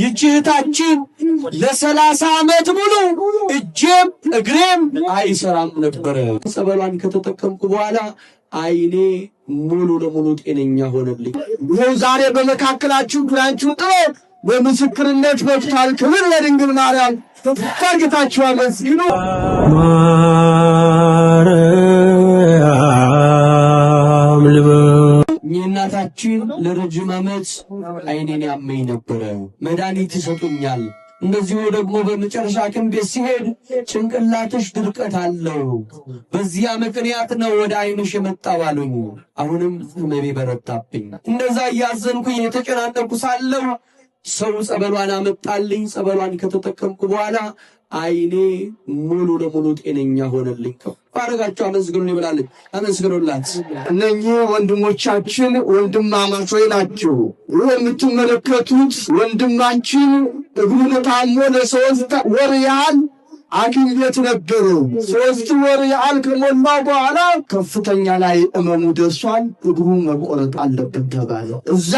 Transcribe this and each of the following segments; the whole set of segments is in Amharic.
ይቺ እህታችን ለሰላሳ ዓመት ሙሉ እጄም እግሬም አይሰራም ነበረ። ጸበሏን ከተጠቀምኩ በኋላ አይኔ ሙሉ ለሙሉ ጤነኛ ሆነልኝ። ይኸው ዛሬ በመካከላችሁ ግራንችሁ ጥሎ በምስክርነት በቅቷል። ክብር ለድንግል ማርያም ታርጌታችኋለን ሲሉ ለረጅም ዓመት አይኔን ያመኝ ነበረ። መድኃኒት ይሰጡኛል። እንደዚሁ ደግሞ በመጨረሻ ሐኪም ቤት ሲሄድ ጭንቅላትሽ ድርቀት አለው፣ በዚያ ምክንያት ነው ወደ አይንሽ የመጣው አሉኝ። አሁንም ህመሜ በረታብኝ። እንደዛ እያዘንኩኝ የተጨናነቁ ሳለው ሰው ጸበሏን አመጣልኝ። ጸበሏን ከተጠቀምኩ በኋላ አይኔ ሙሉ ለሙሉ ጤነኛ ሆነልኝ። ከው ባረጋቸው አመስግኑ ይብላለች። አመስግኑላት። እነኚህ ወንድሞቻችን ወንድማማቾች ናቸው። ይህ የምትመለከቱት ወንድማችን እግሩ ታሞ ለሶስት ወር ያህል ሐኪም ቤት ነበሩ። ሶስት ወር ያህል ከሞላ በኋላ ከፍተኛ ላይ እመሙ ደርሷል። እግሩ መቆረጥ አለበት ተባለ። እዛ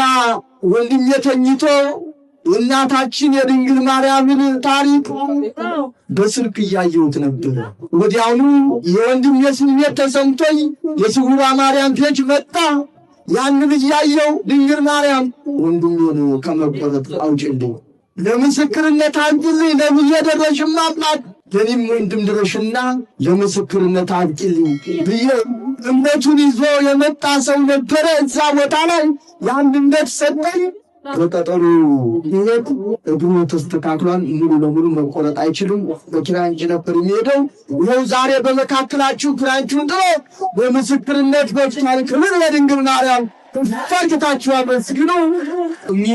ወንድሜ ተኝቶ እናታችን የድንግል ማርያምን ታሪክ በስልክ እያየሁት ነበር። ወዲያውኑ የወንድም የስሜት ተሰምቶኝ የስውሯ ማርያም ፔች መጣ። ልጅ ያየው ድንግል ማርያም ወንድም ሆነ ከመቆረጥ አውጭልኝ፣ ለምስክርነት አብቂልኝ፣ ለብዬ ደረሽማ አባት ለኔም ወንድም ድረሽና ለምስክርነት አብቂልኝ ብዬ እምነቱን ይዞ የመጣ ሰው ነበረ። እዛ ቦታ ላይ ያን እምነት ሰጠኝ። በቀጠሩ ሂደት እግሩ ተስተካክሏል። ሙሉ ለሙሉ መቆረጥ አይችልም። በክራንች ነበር የሚሄደው። ይኸው ዛሬ በመካከላችሁ ክራንቹን ጥሎ በምስክርነት በፍታን ክብር ለድንግል ማርያም ፈጅታችሁ አመስግኑ።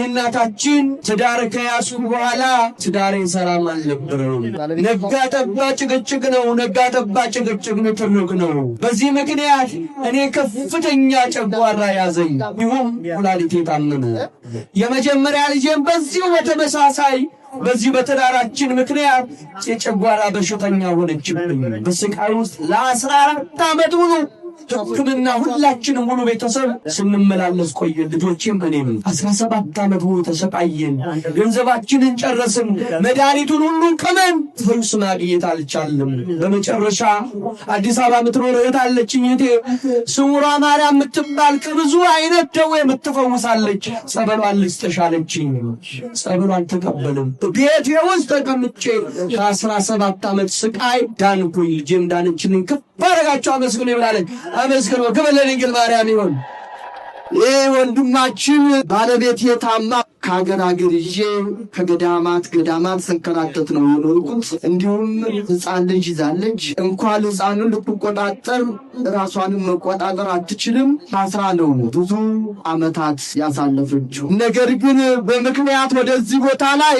እናታችን ትዳር ከያሱ በኋላ ትዳሬ ሰላም አልነበረም። ነጋ ጠባ ጭቅጭቅ ነው፣ ነጋ ጠባ ጭቅጭቅ ንትርክ ነው። በዚህ ምክንያት እኔ ከፍተኛ ጨጓራ ያዘኝ፣ ይሁም ኩላሊቴ ታመመ። የመጀመሪያ ልጄም በዚሁ በተመሳሳይ በዚህ በትዳራችን ምክንያት የጨጓራ በሽተኛ ሆነችብኝ። በስቃይ ውስጥ ለአስራ አራት ዓመት ሙሉ ሕክምና ሁላችንም ሙሉ ቤተሰብ ስንመላለስ ቆየን። ልጆችም እኔም አስራ ሰባት ዓመት ሙሉ ተሰቃየን። ገንዘባችንን ጨረስን። መድኃኒቱን ሁሉ ቅመን ፈውስ ማግኘት አልቻልም። በመጨረሻ አዲስ አበባ የምትኖር እህት አለችኝ። እህቴ ስውሯ ማርያም የምትባል ከብዙ አይነት ደዌ የምትፈውሳለች። ጸበሏን ልስጥሽ አለችኝ። ጸበሏን ተቀበልም። ቤቴ ውስጥ ተቀምጬ ከአስራ ሰባት ዓመት ስቃይ ዳንኩኝ። ልጄም ዳንችንን ከፍ አደረጋቸው አመስግኖ ይብላለች አመስግኖ ክብር ለድንግል ማርያም ይሁን። ይህ ወንድማችን ባለቤት የታማ ከሀገር ሀገር ይዤ ከገዳማት ገዳማት ስንከራተት ነው የኖርኩት። እንዲሁም ህፃን ልጅ ይዛለች። እንኳን ህፃኑን ልትቆጣጠር ራሷንም መቆጣጠር አትችልም። ታስራ ነው ብዙ አመታት ያሳለፈችው። ነገር ግን በምክንያት ወደዚህ ቦታ ላይ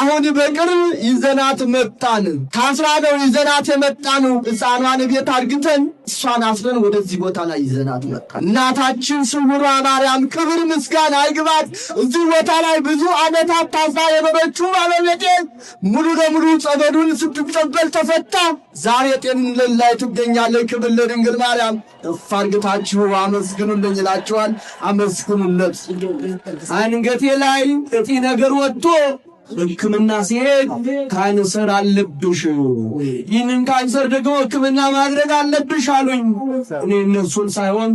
አሁን በቅርብ ይዘናት መጣን። ታስራ ነው ይዘናት የመጣን። ህፃኗን ቤት አድግተን እሷን አስረን ወደዚህ ቦታ ላይ ይዘናት መጣን። እናታችን ስውሯ ማርያም ክብር ምስጋና አይግባት እዚህ ቦታ ላይ ብዙ ዓመታት ታዛ የኖረችው ባለቤቴ ሙሉ ለሙሉ ጸበዱን ስትቀበል ተፈታ። ዛሬ ጤንነት ላይ ትገኛለች። ክብር ለድንግል ማርያም። እፋርግታችሁ አመስግኑልኝ ይላችኋል። አመስግኑለት። አንገቴ ላይ ጥቂ ነገር ወጥቶ ሕክምና ሲሄድ ካንሰር አለብሽ፣ ይህንን ካንሰር ደግሞ ሕክምና ማድረግ አለብሽ አሉኝ። እኔ እነሱን ሳይሆን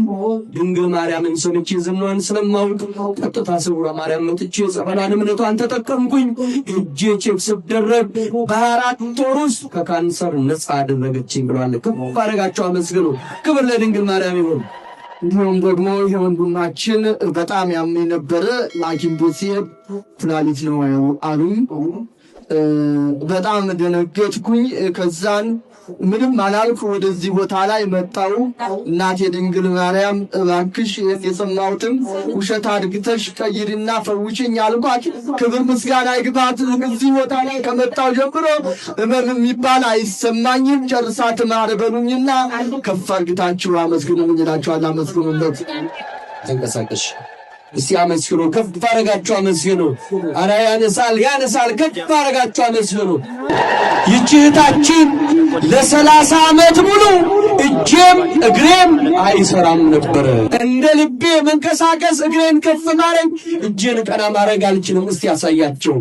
ድንግል ማርያምን ሰምቼ ዝናዋን ስለማውቅ ቀጥታ ስውረ ማርያም መጥቼ ጸበላን እምነቷን ተጠቀምኩኝ። እጄ ቼክ ስደረግ በአራት ወር ውስጥ ከካንሰር ነፃ አደረገችኝ ብለዋል። ክብ አደረጋቸው። አመስግኑ። ክብር ለድንግል ማርያም ይሁን። እንዲሁም ደግሞ የወንድማችን በጣም ያመኝ ነበረ። ሐኪም ቤት ሲሄድ ኩላሊት ነው አሉኝ። በጣም ደነገጥኩኝ። ከዛን ምንም አላልኩ ወደዚህ ቦታ ላይ መጣው። እናቴ ድንግል ማርያም እባክሽ የሰማሁትም ውሸት አድግተሽ ቀይርና ፈውችኝ አልኳት። ክብር ምስጋና ይግባት። እዚህ ቦታ ላይ ከመጣው ጀምሮ እመም የሚባል አይሰማኝም። ጨርሳ ትማር በሉኝና ከፍ አድርግታችሁ አመስግኑኝ እላችኋል። አመስግኑበት ተንቀሳቀሽ እስቲ አመስግኑ። ከፍ አረጋችሁ አመስግኑ። አረ ያነሳል፣ ያነሳል። ከፍ አረጋችሁ አመስግኑ። ይችህታችን እህታችን ለሰላሳ ዓመት ሙሉ እጄም እግሬም አይሰራም ነበር። እንደ ልቤ መንቀሳቀስ እግሬን ከፍ ማድረግ እጄን ቀና ማድረግ አልችልም። እስቲ ያሳያቸው።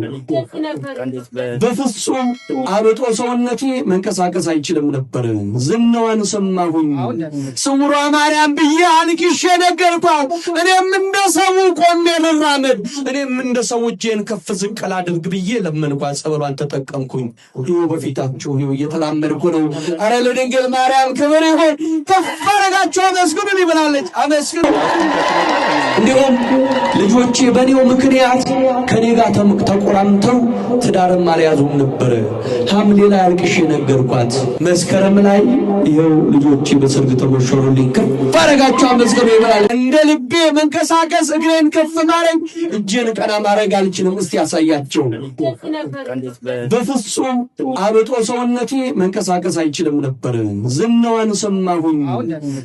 በፍጹም አብጦ ሰውነቴ መንቀሳቀስ አይችልም ነበር። ዝናዋን ሰማሁኝ። ስውሯ ማርያም ብዬ አልቅሼ ነገርኳት። እኔም እንደ ሰው ቆሜ ልራመድ፣ እኔም እንደ ሰው እጄን ከፍ ዝቅ ላድርግ ብዬ ለመንኳት። ጸበሏን ተጠቀምኩኝ። ሁሉ በፊታችሁ እየተላመድኩ ነው። አረ ለድንግል ማርያም ክብር ይሁን። ከፍ አረጋችሁ አመስግኑ ይብላለች። አመስግኑ። እንዲሁም ልጆቼ በእኔው ምክንያት ከኔ ጋር ተቆራምተው ትዳርም አልያዙም ነበር። ሐምሌ ላይ አልቅሼ የነገርኳት መስከረም ላይ ይኸው ልጆቼ በሰርግ ተሞሸሩልኝ። ከፍ አረጋችሁ አመስግኑ ይብላለች። እንደ ልቤ መንቀሳቀስ እግሬን ከፍ ማረግ እጄን ቀና ማድረግ አልችልም። እስቲ ያሳያቸው በፍጹም አብጦ ሰውነቴ መንቀሳቀስ አይችልም ነበር። ዝናዋን ሰማሁኝ።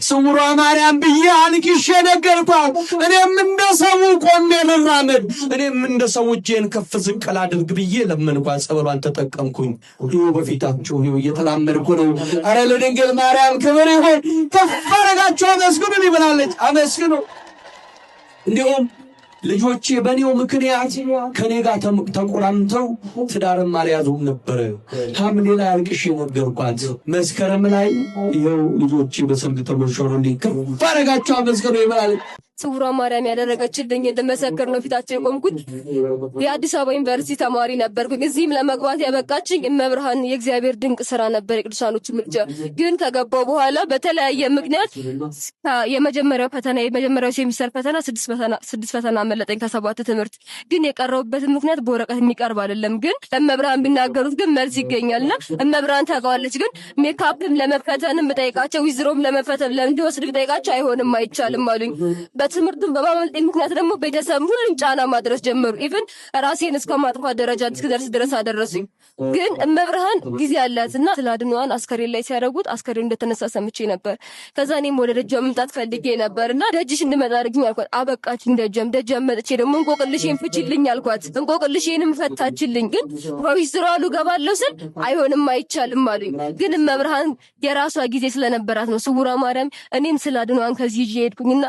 ስውሯ ማርያም ብዬ አልቅሼ ነገርኳት። እኔም እንደ ሰው ቆሜ ልራመድ፣ እኔም እንደ ሰው እጄን ከፍ ዝቅ ላድርግ ብዬ ለመንኳት። ጸበሏን ተጠቀምኩኝ። ይኸው በፊታችሁ ይኸው እየተላመድኩ ነው። አረ ለድንግል ማርያም ክብር ይሆን። ከፍ አደረጋችሁ አመስግኑ ይብላለች። አመስግኑ እንዲሁም ልጆቼ በእኔው ምክንያት ከእኔ ጋር ተቆራምተው ትዳርም አልያዙም ነበረ። ሐምሌ ላይ አልቅሽ የነገርኳት መስከረም ላይ ይኸው ልጆቼ በሰንብ ተመሸሩ ከፍ አደረጋቸው አመስገኑ ይበላል ጽጉሯ ማርያም ያደረገችልኝ ልመሰክር ነው ፊታቸው የቆምኩት። የአዲስ አበባ ዩኒቨርሲቲ ተማሪ ነበር እዚህም ለመግባት ያበቃችኝ እመብርሃን የእግዚአብሔር ድንቅ ስራ ነበር፣ የቅዱሳኖች ምልጃ። ግን ከገባው በኋላ በተለያየ ምክንያት የመጀመሪያው ፈተና የመጀመሪያው ሴሚስተር ፈተና ስድስት ፈተና መለጠኝ ከሰባት ትምህርት። ግን የቀረቡበትን ምክንያት በወረቀት የሚቀርብ አይደለም። ግን እመብርሃን ቢናገሩት ግን መልስ ይገኛልና እመብርሃን ታውቀዋለች። ግን ሜካፕም ለመፈተንም ብጠይቃቸው ዊዝሮም ለመፈተን ለእንዲወስድ ብጠይቃቸው አይሆንም አይቻልም አሉኝ። ከትምህርቱን በማመልጤ ምክንያት ደግሞ ቤተሰብ ሁሉም ጫና ማድረስ ጀመሩ። ኢቨን ራሴን እስከ ማጥፋት ደረጃ እስክደርስ ድረስ አደረሱኝ። ግን እመብርሃን ጊዜ አላት እና ስላድንዋን አድንዋን አስከሬን ላይ ሲያደርጉት አስከሬን እንደተነሳ ሰምቼ ነበር። ከዛ እኔም ወደ ደጃ መምጣት ፈልጌ ነበር እና ደጅሽ እንድመጣ አድርጊኝ አልኳት። አበቃችኝ። ደጃም ደጃም መጥቼ ደግሞ እንቆቅልሽን ፍችልኝ አልኳት። እንቆቅልሽንም ፈታችልኝ። ግን በዊዝራሉ ገባለሁ ስል አይሆንም አይቻልም አሉኝ። ግን እመብርሃን የራሷ ጊዜ ስለነበራት ነው ስውራ ማርያም እኔም ስላድንዋን ከዚህ ይዤ ሄድኩኝና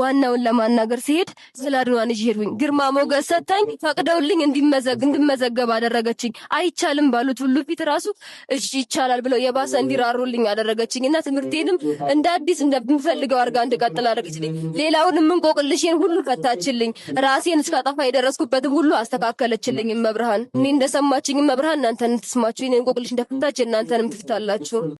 ዋና ሀናውን ለማናገር ሲሄድ ስለ አድኗን ይዤ ሄድኩኝ። ግርማ ሞገስ ሰታኝ ፈቅደውልኝ እንዲመዘግ እንድመዘገብ አደረገችኝ። አይቻልም ባሉት ሁሉ ፊት ራሱ እሺ ይቻላል ብለው የባሰ እንዲራሩልኝ አደረገችኝ እና ትምህርቴንም እንደ አዲስ እንደምፈልገው አድርጋ እንድቀጥል አደረገችልኝ። ሌላውን የምንቆቅልሽን ሁሉ ፈታችልኝ። ራሴን እስካጠፋ የደረስኩበትም ሁሉ አስተካከለችልኝ። መብርሃን እኔ እንደሰማችኝ መብርሃን እናንተን ትስማችሁ። እኔን እንቆቅልሽ እንደፈታች እናንተንም ትፍታላችሁ።